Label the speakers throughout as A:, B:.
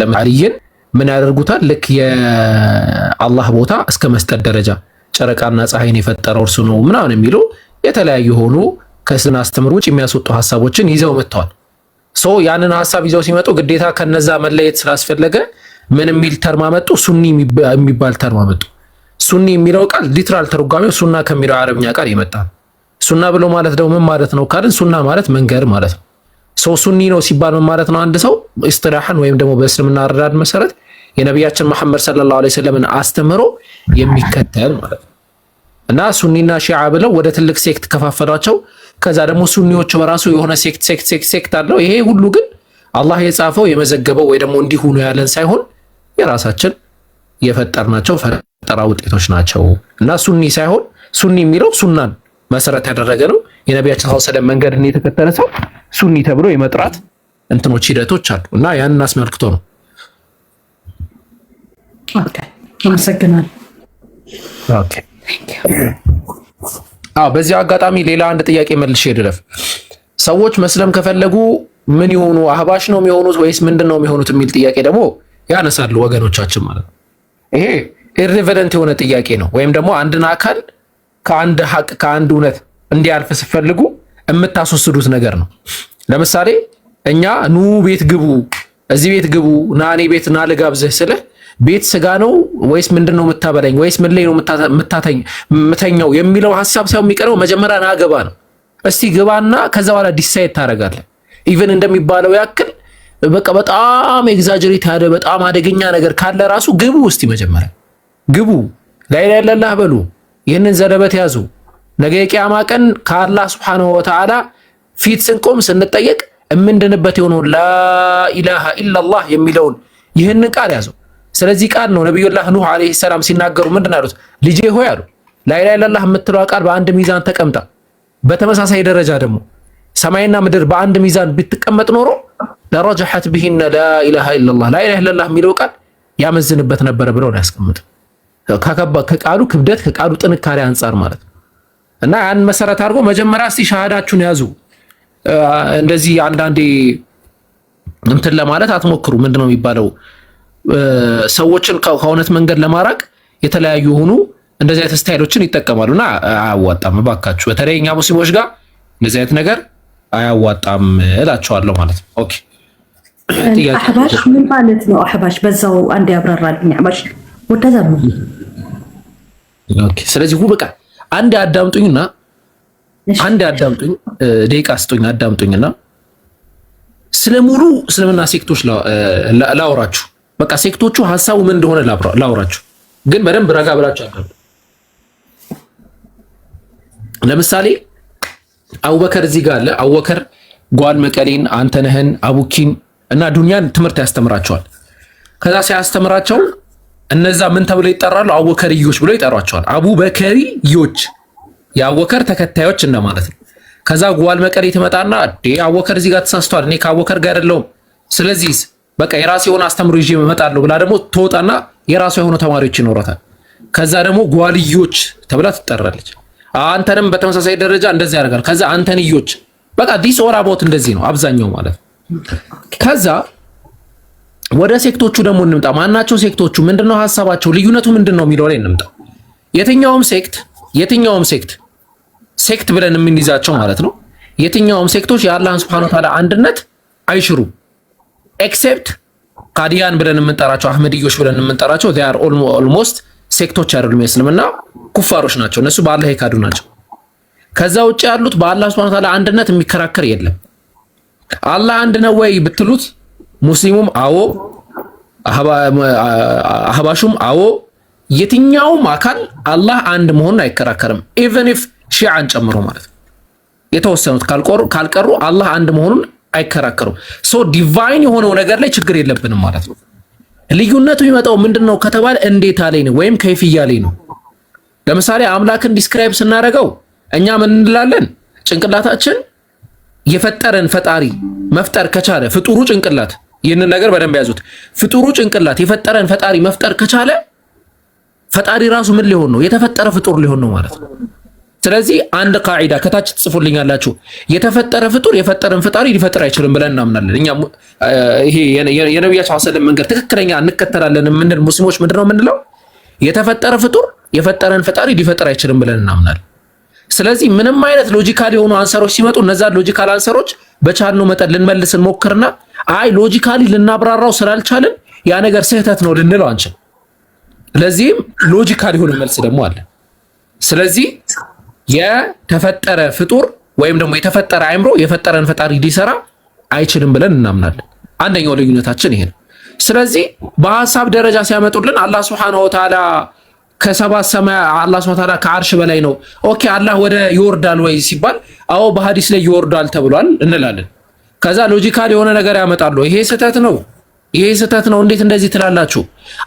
A: ለመሪየን ምን ያደርጉታል? ልክ የአላህ ቦታ እስከ መስጠት ደረጃ ጨረቃና ፀሐይን የፈጠረው እርሱ ነው ምናምን የሚሉ የተለያዩ ሆኑ ከእስልምና አስተምሮ ውጭ የሚያስወጡ ሀሳቦችን ይዘው መጥተዋል። ሶ ያንን ሀሳብ ይዘው ሲመጡ ግዴታ ከነዛ መለየት ስላስፈለገ ምን የሚል ተርማ መጡ? ሱኒ የሚባል ተርማ መጡ። ሱኒ የሚለው ቃል ሊትራል ተርጓሚው ሱና ከሚለው አረብኛ ቃል ይመጣል። ሱና ብሎ ማለት ደግሞ ምን ማለት ነው ካልን ሱና ማለት መንገድ ማለት ነው። ሰው ሱኒ ነው ሲባል ምን ማለት ነው? አንድ ሰው ኢስጢላሐን ወይም ደግሞ በእስልምና አረዳድ መሰረት የነቢያችን መሐመድ ሰለላሁ ዐለይሂ ወሰለምን አስተምህሮ የሚከተል ማለት ነው። እና ሱኒና ሺዓ ብለው ወደ ትልቅ ሴክት ከፋፈሏቸው። ከዛ ደግሞ ሱኒዎቹ በራሱ የሆነ ሴክት ሴክት ሴክት ሴክት አለው። ይሄ ሁሉ ግን አላህ የጻፈው የመዘገበው ወይ ደግሞ እንዲሁ ነው ያለን ሳይሆን የራሳችን የፈጠርናቸው ፈጠራ ውጤቶች ናቸው። እና ሱኒ ሳይሆን ሱኒ የሚለው ሱናን መሰረት ያደረገ ነው። የነቢያችን ሰለላሁ ዐለይሂ ወሰለም መንገድን የተከተለ ሰው ሱኒ ተብሎ የመጥራት እንትኖች ሂደቶች አሉ እና ያንን አስመልክቶ ነው። አመሰግናለሁ። አዎ፣ በዚህ አጋጣሚ ሌላ አንድ ጥያቄ መልሽ ልለፍ። ሰዎች መስለም ከፈለጉ ምን ይሆኑ? አህባሽ ነው የሚሆኑት ወይስ ምንድን ነው የሚሆኑት የሚል ጥያቄ ደግሞ ያነሳሉ ወገኖቻችን ማለት ነው። ይሄ ኢሪቨለንት የሆነ ጥያቄ ነው። ወይም ደግሞ አንድን አካል ከአንድ ሀቅ ከአንድ እውነት እንዲያልፍ ስትፈልጉ የምታስወስዱት ነገር ነው። ለምሳሌ እኛ ኑ ቤት ግቡ፣ እዚህ ቤት ግቡ፣ ና እኔ ቤት ና ልጋብዝህ ስልህ ቤት ስጋ ነው ወይስ ምንድን ነው የምታበላኝ ወይስ ምን ላይ ነው የምተኛው የሚለው ሀሳብ ሳይሆን የሚቀረው መጀመሪያ ና ግባ ነው። እስቲ ግባና ከዛ በኋላ ዲሳይድ ታደርጋለህ። ኢቨን እንደሚባለው ያክል በቃ በጣም ኤግዛጀሬት ያለ በጣም አደገኛ ነገር ካለ ራሱ ግቡ። እስቲ መጀመሪያ ግቡ፣ ላይ ላይ ለላህ በሉ፣ ይህንን ዘለበት ያዙ ነገ የቅያማ ቀን ከአላህ ስብሓንሁ ወተዓላ ፊት ስንቆም ስንጠየቅ የምንድንበት የሆነውን ላኢላሃ ኢላላህ የሚለውን ይህንን ቃል ያዘው። ስለዚህ ቃል ነው ነቢዩላህ ኑህ ዓለይሂ ሰላም ሲናገሩ ምንድን አሉት? ልጄ ሆይ አሉ። ላኢላሃ ኢላላህ የምትለዋ ቃል በአንድ ሚዛን ተቀምጣ፣ በተመሳሳይ ደረጃ ደግሞ ሰማይና ምድር በአንድ ሚዛን ብትቀመጥ ኖሮ ለረጀሐት ብሂነ ላኢላሃ ኢላላህ ላኢላሃ ኢላላህ የሚለው ቃል ያመዝንበት ነበረ ብለው ያስቀምጥ ከቃሉ ክብደት ከቃሉ ጥንካሬ አንጻር ማለት ነው። እና ያን መሰረት አድርጎ መጀመሪያ እስቲ ሻሃዳችሁን ያዙ። እንደዚህ አንዳንዴ እንትን ለማለት አትሞክሩ። ምንድነው የሚባለው? ሰዎችን ከእውነት መንገድ ለማራቅ የተለያዩ የሆኑ እንደዚህ አይነት ስታይሎችን ይጠቀማሉ እና አያዋጣም። እባካችሁ በተለይ እኛ ሙስሊሞች ጋር እንደዚህ አይነት ነገር አያዋጣም እላቸዋለሁ ማለት ነው። ኦኬ
B: አህባሽ ምን ማለት ነው? አህባሽ በዛው አንድ ያብራራልኝ። አሕባሽ ወደዛ ነው።
A: ኦኬ ስለዚህ በቃ አንድ አዳምጡኝና አንድ አዳምጡኝ፣ ደቂቃ ስጡኝ፣ አዳምጡኝና ስለሙሉ እስልምና ሴክቶች ላውራችሁ። በቃ ሴክቶቹ ሀሳቡ ምን እንደሆነ ላውራችሁ፣ ግን በደንብ ረጋ ብላችሁ አዳምጡ። ለምሳሌ አቡበከር እዚህ ጋር አለ። አቡበከር ጓል መቀሌን፣ አንተነህን፣ አቡኪን እና ዱንያን ትምህርት ያስተምራቸዋል። ከዛ ሲያስተምራቸው እነዛ ምን ተብለው ይጠራሉ? አወከርዮች ብለው ይጠሯቸዋል። አቡበከርዮች የአወከር ተከታዮች እንደማለት ነው። ከዛ ጉዋል መቀሌ ትመጣና አወከር እዚህ ጋር ተሳስቷል፣ እኔ ከአወከር ጋር አይደለሁም፣ ስለዚህ በቃ የራሱ የሆነ አስተምሮ ይዤ እመጣለሁ ብላ ደግሞ ትወጣና የራሷ የሆኑ ተማሪዎች ይኖራታል። ከዛ ደግሞ ጓልዮች ተብላ ትጠራለች። አንተንም በተመሳሳይ ደረጃ እንደዚህ ያደርጋል። ከዛ አንተንዮች በቃ ዲስ ኦር እንደዚህ ነው አብዛኛው ማለት ነው። ከዛ ወደ ሴክቶቹ ደግሞ እንምጣ። ማናቸው ሴክቶቹ ምንድነው ሀሳባቸው? ልዩነቱ ምንድነው የሚለው ላይ እንምጣ። የትኛውም ሴክት የትኛውም ሴክት ሴክት ብለን የምንይዛቸው ማለት ነው። የትኛውም ሴክቶች የአላህን ስብሃነ ወተዓላ አንድነት አይሽሩም። ኤክሴፕት ካዲያን ብለን የምንጠራቸው አህመድዮች ብለን የምንጠራቸው ዚያር ኦልሞስት ሴክቶች አይደሉም። የእስልምና ኩፋሮች ናቸው። እነሱ በአላህ የካዱ ናቸው። ከዛ ውጭ ያሉት በአላህ ስብሃነ ወተዓላ አንድነት የሚከራከር የለም። አላህ አንድ ነው ወይ ብትሉት ሙስሊሙም አዎ፣ አህባሹም አዎ፣ የትኛውም አካል አላህ አንድ መሆኑን አይከራከርም። ኢቨን ኢፍ ሺዓን ጨምሮ ማለት ነው። የተወሰኑት ካልቀሩ አላህ አንድ መሆኑን አይከራከሩም። ሶ ዲቫይን የሆነው ነገር ላይ ችግር የለብንም ማለት ነው። ልዩነቱ የሚመጣው ምንድን ነው ከተባለ እንዴታ ላይ ነው ወይም ከይፍያ ላይ ነው። ለምሳሌ አምላክን ዲስክራይብ ስናደርገው እኛ ምን እንላለን? ጭንቅላታችን የፈጠረን ፈጣሪ መፍጠር ከቻለ ፍጡሩ ጭንቅላት ይህንን ነገር በደንብ ያዙት። ፍጡሩ ጭንቅላት የፈጠረን ፈጣሪ መፍጠር ከቻለ ፈጣሪ ራሱ ምን ሊሆን ነው? የተፈጠረ ፍጡር ሊሆን ነው ማለት ነው። ስለዚህ አንድ ቃዒዳ ከታች ትጽፉልኛላችሁ። የተፈጠረ ፍጡር የፈጠረን ፈጣሪ ሊፈጥር አይችልም ብለን እናምናለን። እኛ ይሄ የነቢያችን ሰለም መንገድ ትክክለኛ እንከተላለን የምንል ሙስሊሞች ምንድነው የምንለው? የተፈጠረ ፍጡር የፈጠረን ፈጣሪ ሊፈጥር አይችልም ብለን እናምናለን። ስለዚህ ምንም አይነት ሎጂካል የሆኑ አንሰሮች ሲመጡ እነዛ ሎጂካል አንሰሮች በቻልነው መጠን ልንመልስ እንሞክርና አይ ሎጂካሊ ልናብራራው ስላልቻልን ያ ነገር ስህተት ነው ልንለው አንችል። ለዚህም ሎጂካል የሆነ መልስ ደግሞ አለ። ስለዚህ የተፈጠረ ፍጡር ወይም ደግሞ የተፈጠረ አይምሮ የፈጠረን ፈጣሪ ሊሰራ አይችልም ብለን እናምናለን። አንደኛው ልዩነታችን ይሄ ነው። ስለዚህ በሀሳብ ደረጃ ሲያመጡልን አላህ ሱብሓነሁ ወተዓላ ከሰባት ሰማያ አላህ ሱብሐነሁ ወተዓላ ከአርሽ በላይ ነው። ኦኬ አላህ ወደ ይወርዳል ወይ ሲባል አዎ በሀዲስ ላይ ይወርዳል ተብሏል እንላለን። ከዛ ሎጂካል የሆነ ነገር ያመጣሉ። ይሄ ስህተት ነው፣ ይሄ ስህተት ነው። እንዴት እንደዚህ ትላላችሁ?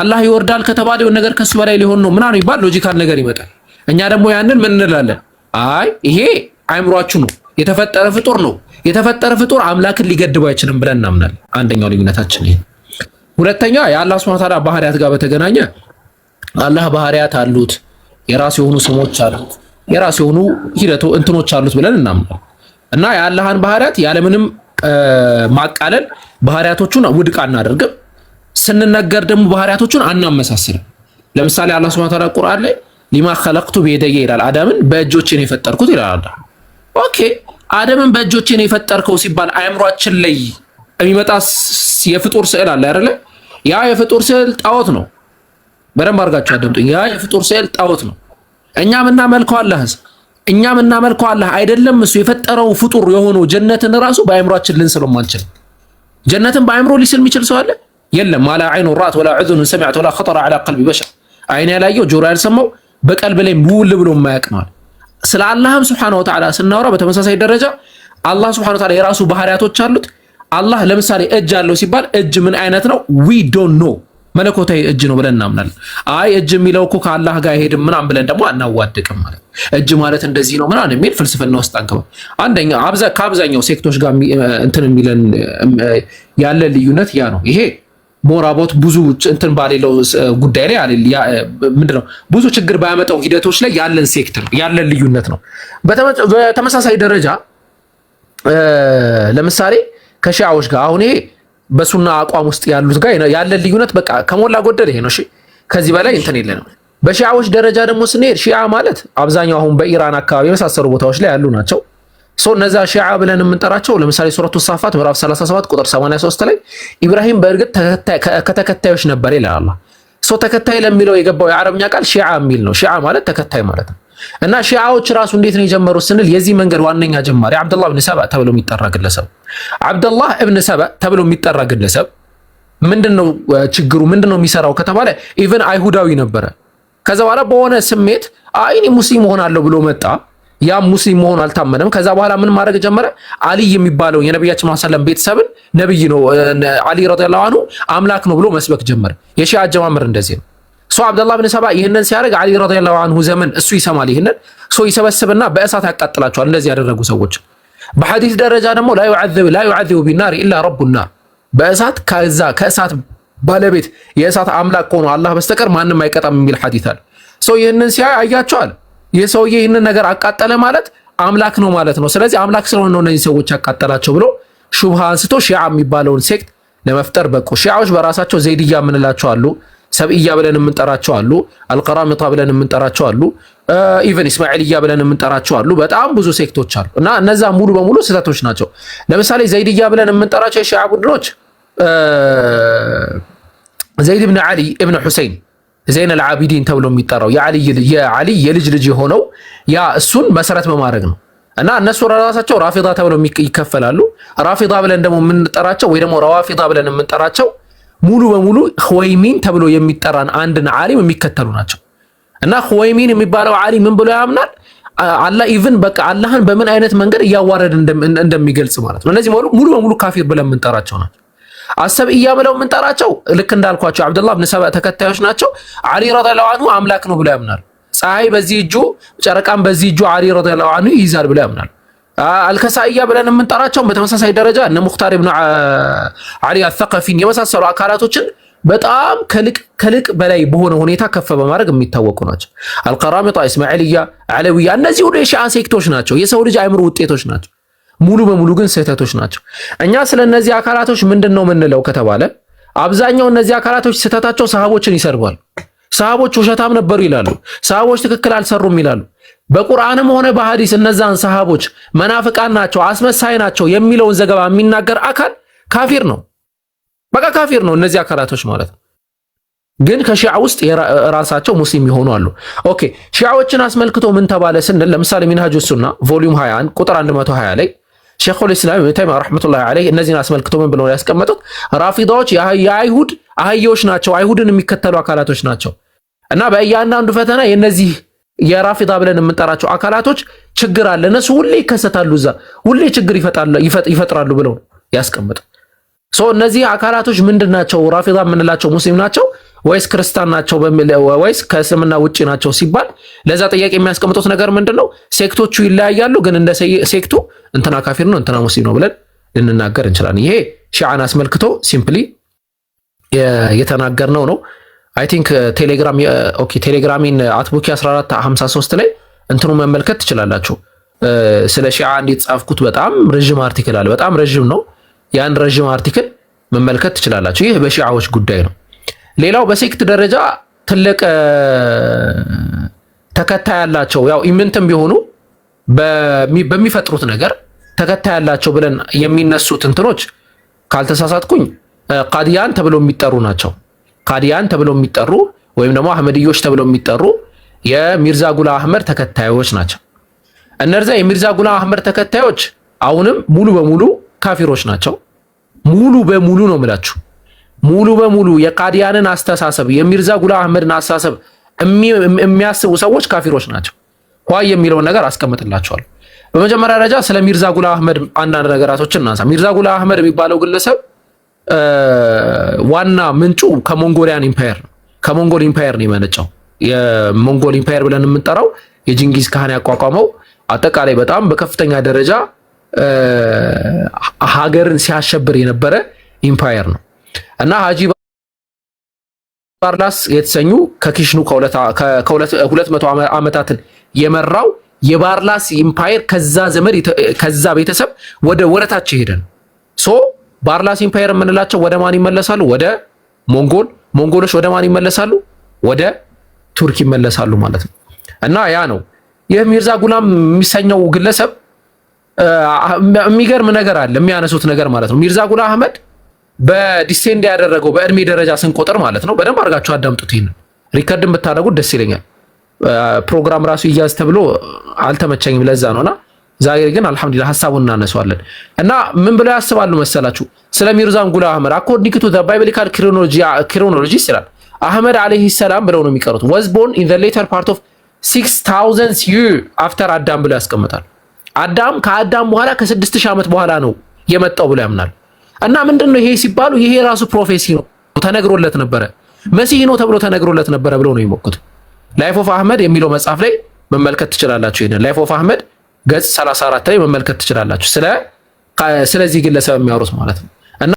A: አላህ ይወርዳል ከተባለ የሆነ ነገር ከሱ በላይ ሊሆን ነው ምናምን ይባል ሎጂካል ነገር ይመጣል። እኛ ደግሞ ያንን ምን እንላለን? አይ ይሄ አይምሯችሁ ነው፣ የተፈጠረ ፍጡር ነው። የተፈጠረ ፍጡር አምላክን ሊገድብ አይችልም ብለን እናምናለን። አንደኛው ልዩነታችን ይሄ። ሁለተኛ የአላህ ሱብሐነሁ ወተዓላ ባህሪያት ጋር በተገናኘ አላህ ባህሪያት አሉት፣ የራሱ የሆኑ ስሞች አሉት፣ የራሱ የሆኑ ሂደቶ እንትኖች አሉት ብለን እናምናለን። እና የአላህን ባህሪያት ያለምንም ማቃለል ባህሪያቶቹን ውድቅ አናደርግም። ስንነገር ደግሞ ባህሪያቶቹን አናመሳስልም። ለምሳሌ አላህ ሱብሓነሁ ወተዓላ ቁርአን ላይ ሊማ ኸለቅቱ ቤደየ ይላል። አዳምን በእጆቼ ነው የፈጠርኩት ይላል። ኦኬ አደምን በእጆቼ ነው የፈጠርከው ሲባል አእምሯችን ላይ የሚመጣ የፍጡር ስዕል አለ አይደለ? ያ የፍጡር ስዕል ጣዖት ነው። በደንብ አድርጋችሁ አደምጡኝ። ያ የፍጡር ስዕል ጣዖት ነው። እኛ የምናመልከው አላህ እኛ የምናመልከው አላህ አይደለም። እሱ የፈጠረው ፍጡር የሆነው ጀነትን ራሱ በአይምሯችን ልንስለው አንችልም። ጀነትን በአእምሮ ሊስል የሚችል ሰው አለ? የለም። ማላ አይኑ ራት ወላ ዑዙን ሰሚዐት ወላ ኸጠረ ዐላ ቀልቢ በሸር አይን ያላየው ጆሮ ያልሰማው በቀልብ ላይ ውል ብሎ የማያውቅ ነው። ስለ አላህም ሱብሓነሁ ወተዓላ ስናወራ በተመሳሳይ ደረጃ አላህ ሱብሓነሁ ወተዓላ የራሱ ባህሪያቶች አሉት። አላህ ለምሳሌ እጅ አለው ሲባል እጅ ምን አይነት ነው? ዊ ዶንት ኖ መለኮታዊ እጅ ነው ብለን እናምናለን። አይ እጅ የሚለው እኮ ከአላህ ጋር አይሄድም ምናምን ብለን ደግሞ አናዋድቅም። ማለት እጅ ማለት እንደዚህ ነው ምናምን የሚል ፍልስፍና ውስጥ አንገባም። አንደኛ ከአብዛኛው ሴክቶች ጋር እንትን የሚለን ያለ ልዩነት ያ ነው። ይሄ ሞራቦት ብዙ እንትን ባሌለው ጉዳይ ላይ ምንድነው ብዙ ችግር ባያመጣው ሂደቶች ላይ ያለን ነው ያለን ልዩነት ነው። በተመሳሳይ ደረጃ ለምሳሌ ከሺዓዎች ጋር አሁን ይሄ በሱና አቋም ውስጥ ያሉት ጋር ያለ ልዩነት በቃ ከሞላ ጎደል ይሄ ነው። እሺ ከዚህ በላይ እንትን የለንም። በሺዓዎች ደረጃ ደግሞ ስንሄድ ሺዓ ማለት አብዛኛው አሁን በኢራን አካባቢ የመሳሰሉ ቦታዎች ላይ ያሉ ናቸው። ሰው እነዚያ ሺዓ ብለን የምንጠራቸው ለምሳሌ ሱረቱ ሳፋት ምዕራፍ 37 ቁጥር 83 ላይ ኢብራሂም በእርግጥ ከተከታዮች ነበር ይላል አላህ። ሶ ተከታይ ለሚለው የገባው የአረብኛ ቃል ሺዓ የሚል ነው። ሺዓ ማለት ተከታይ ማለት ነው። እና ሺዓዎች ራሱ እንዴት ነው የጀመሩት ስንል የዚህ መንገድ ዋነኛ ጀማሪ አብደላህ ብን ሰባ ተብሎ የሚጠራ ግለሰብ አብደላህ እብን ሰባ ተብሎ የሚጠራ ግለሰብ ምንድን ነው ችግሩ? ምንድን ነው የሚሰራው ከተባለ ኢቨን አይሁዳዊ ነበረ። ከዛ በኋላ በሆነ ስሜት አይኔ ሙስሊም እሆናለሁ ብሎ መጣ። ያ ሙስሊም መሆኑ አልታመነም። ከዛ በኋላ ምን ማድረግ ጀመረ? አሊ የሚባለውን የነቢያችን ሰለም ቤተሰብን ነብይ ነው አሊ ረዲየላሁ አንሁ አምላክ ነው ብሎ መስበክ ጀመረ። የሺዓ አጀማመር እንደዚህ ነው። ሶ አብደላህ ብን ሰባ ይህንን ሲያደርግ አሊ ረዲየላሁ አንሁ ዘመን እሱ ይሰማል። ይህንን ሰው ይሰበስብና በእሳት ያቃጥላቸዋል። እንደዚህ ያደረጉ ሰዎች በሐዲስ ደረጃ ደግሞ ላ ዩዓዚቡ ቢናር ኢላ ረቡናር በእሳት ከዛ ከእሳት ባለቤት የእሳት አምላክ ከሆኑ አላህ በስተቀር ማንም አይቀጣም የሚል ሐዲስ አለ። ሰው ይህንን ሲያይ አያቸዋል። ይህ ሰውዬ ይህንን ነገር አቃጠለ ማለት አምላክ ነው ማለት ነው። ስለዚህ አምላክ ስለሆነ ነው እነዚህ ሰዎች ያቃጠላቸው ብሎ ሹብሃ አንስቶ ሺዓ የሚባለውን ሴክት ለመፍጠር በቁ። ሺዓዎች በራሳቸው ዘይድያ የምንላቸው አሉ። ሰብእያ ብለን የምንጠራቸው አሉ። አልቀራሚጣ ብለን የምንጠራቸው አሉ። ኢቨን እስማኤልያ ብለን የምንጠራቸው አሉ። በጣም ብዙ ሴክቶች አሉ እና እነዛ ሙሉ በሙሉ ስህተቶች ናቸው። ለምሳሌ ዘይድያ ብለን የምንጠራቸው የሺዓ ቡድኖች ዘይድ ብን ዓሊ እብን ሑሴይን ዘይን አልዓቢዲን ተብሎ የሚጠራው የዓሊ የልጅ ልጅ የሆነው ያ እሱን መሰረት በማድረግ ነው እና እነሱ ራሳቸው ራፊዳ ተብለው ይከፈላሉ። ራፊዳ ብለን ደግሞ የምንጠራቸው ወይ ደግሞ ረዋፊዳ ብለን የምንጠራቸው ሙሉ በሙሉ ሁወይሚን ተብሎ የሚጠራን አንድን ዓሊም የሚከተሉ ናቸው። እና ሁወይሚን የሚባለው ዓሊም ምን ብሎ ያምናል? አላህ ኢቭን በቃ አላህን በምን አይነት መንገድ እያዋረድ እንደሚገልጽ ማለት ነው። እነዚህ ሙሉ በሙሉ ካፊር ብለን የምንጠራቸው ናቸው። አሰብእያ ብለው የምንጠራቸው ልክ እንዳልኳቸው አብደላ ብን ሰባ ተከታዮች ናቸው። አሊ ረዲየላሁ አንሁ አምላክ ነው ብሎ ያምናል። ፀሐይ በዚህ እጁ ጨረቃም በዚህ እጁ አሊ ረዲየላሁ አንሁ ይይዛል ብሎ ያምናል። አልከሳእያ ብለን የምንጠራቸውን በተመሳሳይ ደረጃ እነ ሙክታር ብን አሊ አሰቀፊን የመሳሰሉ አካላቶችን በጣም ከልቅ በላይ በሆነ ሁኔታ ከፍ በማድረግ የሚታወቁ ናቸው። አልቀራሚጣ፣ እስማዒልያ፣ አለዊያ እነዚህ ሁሉ የሺዓ ሴክቶች ናቸው። የሰው ልጅ አይምሮ ውጤቶች ናቸው። ሙሉ በሙሉ ግን ስህተቶች ናቸው። እኛ ስለ እነዚህ አካላቶች ምንድን ነው የምንለው ከተባለ አብዛኛው እነዚህ አካላቶች ስህተታቸው ሰሃቦችን ይሰርባሉ። ሰሃቦች ውሸታም ነበሩ ይላሉ። ሰሃቦች ትክክል አልሰሩም ይላሉ። በቁርአንም ሆነ በሐዲስ እነዛን ሰሃቦች መናፍቃን ናቸው፣ አስመሳይ ናቸው የሚለውን ዘገባ የሚናገር አካል ካፊር ነው። በቃ ካፊር ነው። እነዚህ አካላቶች ማለት ነው። ግን ከሺዓ ውስጥ ራሳቸው ሙስሊም የሆኑ አሉ። ኦኬ ሺዓዎችን አስመልክቶ ምን ተባለ ስንል ለምሳሌ ሚንሃጁ ሱና ቮሊዩም 21 ቁጥር 120 ላይ ሼኹል ኢስላም ኢብኑ ተይሚያ ረሕመቱላሂ ዐለይህ እነዚህን አስመልክቶ ምን ብለው ያስቀመጡት? ራፊዳዎች የአይሁድ አህዮች ናቸው፣ አይሁድን የሚከተሉ አካላቶች ናቸው እና በእያንዳንዱ ፈተና የነዚህ የራፊዳ ብለን የምንጠራቸው አካላቶች ችግር አለ፣ እነሱ ሁሌ ይከሰታሉ፣ እዛ ሁሌ ችግር ይፈጥራሉ ብለው ሶ እነዚህ አካላቶች ምንድን ናቸው? ራፊዳ የምንላቸው ሙስሊም ናቸው ወይስ ክርስቲያን ናቸው ወይስ ከእስልምና ውጭ ናቸው ሲባል ለዛ ጥያቄ የሚያስቀምጡት ነገር ምንድን ነው? ሴክቶቹ ይለያያሉ፣ ግን እንደ ሴክቱ እንትና ካፊር ነው እንትና ሙስሊም ነው ብለን ልንናገር እንችላለን። ይሄ ሺዓን አስመልክቶ ሲምፕሊ የተናገርነው ነው። አይ ቲንክ ቴሌግራሚን አትቡኪ 1453 ላይ እንትኑ መመልከት ትችላላችሁ። uh, ስለ ሺዓ እንዴት ጻፍኩት በጣም ረዥም አርቲክል አለ። በጣም ረዥም ነው። ያን ረዥም አርቲክል መመልከት ትችላላችሁ። ይህ በሺዓዎች ጉዳይ ነው። ሌላው በሴክት ደረጃ ትልቅ uh, ተከታይ ያላቸው ያው ኢምንትም ቢሆኑ በሚፈጥሩት ነገር ተከታይ ያላቸው ብለን የሚነሱት እንትኖች ካልተሳሳትኩኝ uh, ቃዲያን ተብሎ የሚጠሩ ናቸው። ካዲያን ተብለው የሚጠሩ ወይም ደግሞ አህመድዮች ተብለው የሚጠሩ የሚርዛ ጉላ አህመድ ተከታዮች ናቸው። እነዚ የሚርዛ ጉላ አህመድ ተከታዮች አሁንም ሙሉ በሙሉ ካፊሮች ናቸው። ሙሉ በሙሉ ነው የምላችሁ። ሙሉ በሙሉ የቃዲያንን አስተሳሰብ የሚርዛ ጉላ አህመድን አስተሳሰብ የሚያስቡ ሰዎች ካፊሮች ናቸው። ኋይ የሚለውን ነገር አስቀምጥላቸዋል። በመጀመሪያ ደረጃ ስለ ሚርዛ ጉላ አህመድ አንዳንድ ነገራቶችን እናንሳ። ሚርዛ ጉላ አህመድ የሚባለው ግለሰብ ዋና ምንጩ ከሞንጎሊያን ኢምፓየር ከሞንጎል ኢምፓየር ነው የመነጨው። የሞንጎል ኢምፓየር ብለን የምንጠራው የጅንጊዝ ካህን ያቋቋመው አጠቃላይ በጣም በከፍተኛ ደረጃ ሀገርን ሲያሸብር የነበረ ኢምፓየር ነው እና ሀጂ ባርላስ የተሰኙ ከኪሽኑ ከሁለት መቶ ዓመታትን የመራው የባርላስ ኢምፓየር ከዛ ዘመድ ከዛ ቤተሰብ ወደ ወረታች ሄደ ነው። ባርላስ ኢምፓየር የምንላቸው ወደ ማን ይመለሳሉ? ወደ ሞንጎል። ሞንጎሎች ወደ ማን ይመለሳሉ? ወደ ቱርክ ይመለሳሉ ማለት ነው። እና ያ ነው ይህ ሚርዛ ጉላም የሚሰኘው ግለሰብ የሚገርም ነገር አለ የሚያነሱት ነገር ማለት ነው። ሚርዛ ጉላ አህመድ በዲሴንድ ያደረገው በእድሜ ደረጃ ስንቆጥር ማለት ነው። በደንብ አድርጋችሁ አዳምጡት። ይህንን ሪከርድ ብታደርጉት ደስ ይለኛል። ፕሮግራም ራሱ እያዝ ተብሎ አልተመቸኝም፣ ለዛ ነውና ዛሬ ግን አልሐምዱሊላህ ሐሳቡን እናነሳዋለን እና ምን ብለው ያስባሉ መሰላችሁ? ስለ ሚርዛን ጉላ አህመድ አኮርዲንግ ቱ ዘ ባይብሊካል ክሮኖሎጂ ክሮኖሎጂ ይላል አህመድ አለይሂ ሰላም ብለው ነው የሚቀሩት። ወዝ ቦርን ኢን ዘ ሌተር ፓርት ኦፍ 6000 ታውዘንድ ይር አፍተር አዳም ብለው ያስቀምጣል። አዳም ከአዳም በኋላ ከ6000 ዓመት በኋላ ነው የመጣው ብለው ያምናል። እና ምንድን ነው ይሄ ሲባሉ ይሄ ራሱ ፕሮፌሲ ነው ተነግሮለት ነበረ፣ መሲህ ነው ተብሎ ተነግሮለት ነበረ ብለው ነው የሚሞክቱት ላይፍ ኦፍ አህመድ የሚለው መጽሐፍ ላይ መመልከት ትችላላችሁ። ይሄንን ላይፍ ኦፍ አህመድ ገጽ 34 ላይ መመልከት ትችላላችሁ። ስለዚህ ግለሰብ የሚያወሩት ማለት ነው።